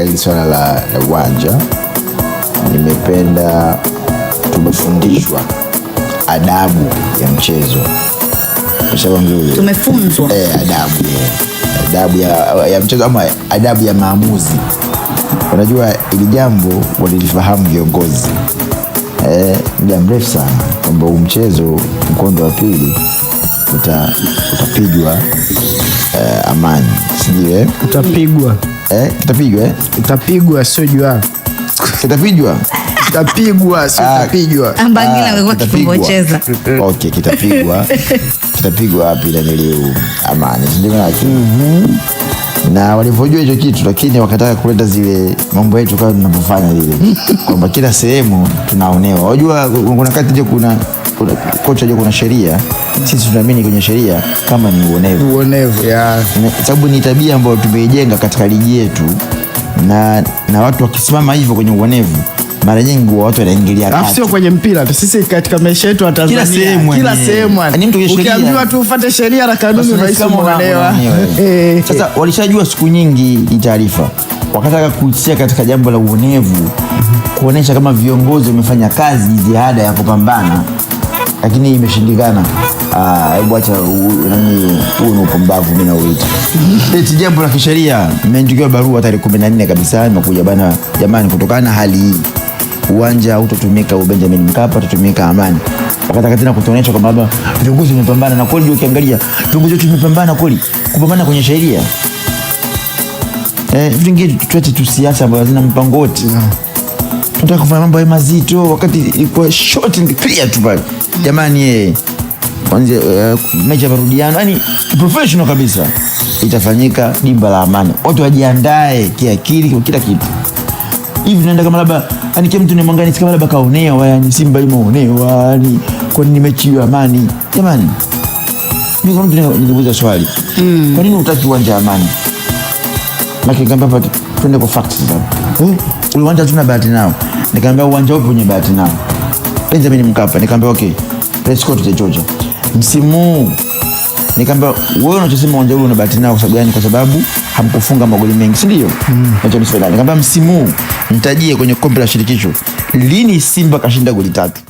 katika hili swala la uwanja, nimependa tumefundishwa adabu ya mchezo mzuri, tumefunzwa eh, adabu eh. adabu ya, ya mchezo ama adabu ya maamuzi. Unajua ili jambo walilifahamu viongozi eh, muda mrefu sana kwamba huu mchezo mkondo wa pili utapigwa uta eh, amani, sijui eh, utapigwa eh, kitapigwa eh? Kitapigwa sio jua. Kitapigwa. Kitapigwa sio kitapigwa. Ah, Ambangila ah, wewe kipocheza. Okay, kitapigwa. Kitapigwa wapi ile nilio amani. Ndio yake. Mhm. Na walivyojua hicho kitu, lakini wakataka kuleta zile mambo yetu kama tunavyofanya vile, kwamba kila sehemu tunaonewa. Unajua kuna kati je, kuna kocha je, kuna sheria sisi tunaamini kwenye sheria kama ni uonevu. Uonevu, yeah. Sababu ni tabia ambayo tumeijenga katika ligi yetu na, na watu wakisimama hivyo kwenye uonevu mara nyingi watu wanaingilia kati. Sio kwenye mpira tu, sisi katika maisha yetu wa Tanzania, kila sehemu kila sehemu ni yaani mtu ukiambiwa tu ufuate sheria na kanuni, rahisi unaelewa. Eh. Sasa walishajua siku nyingi hii taarifa, wakataka kuhusisha katika jambo la uonevu, kuonesha kama viongozi wamefanya kazi, ziada ya kupambana lakini imeshindikana. Hebu acha huu ni upumbavu, mimi nauita eti jambo la kisheria. Nimeandikiwa barua tarehe kumi na nne kabisa, nimekuja bana, jamani, kutokana na hali hii uwanja utatumika Benjamin Mkapa, utatumika Amani. Wakataka tena kutuonyesha kwamba labda viongozi wamepambana, na kweli ukiangalia viongozi wetu wamepambana kweli, kupambana kwenye sheria. vitu vingine tuache tu siasa ambayo hazina mpango wote tunataka kufanya mambo mazito, wakati ilikuwa short and clear tu pale. Jamani yeye eh, kwanza uh, mechi ya marudiano yani professional kabisa itafanyika dimba la Amani, watu wajiandae kiakili kwa kila kitu. Hivi naenda kama labda yani kama mtu nimwangalia kama labda kaonewa, yani Simba imeonewa, yani kwa nini mechi ya Amani? Jamani mimi kama mtu nikuuliza swali mm. kwa nini utaki uwanja Amani? Maki kama hapa twende kwa facts sasa eh uwanja tuna bahati nao. Nikaambia uwanja upi wenye bahati nao? Benjamin Mkapa. Nikaambia okay, let's go to Georgia msimu. Nikaambia wewe unachosema uwanja huu una bahati nao kwa sababu gani? Kwa sababu hamkufunga magoli mengi, si ndio? Mm. nikaambia msimu nitajie kwenye kombe la shirikisho lini Simba kashinda goli tatu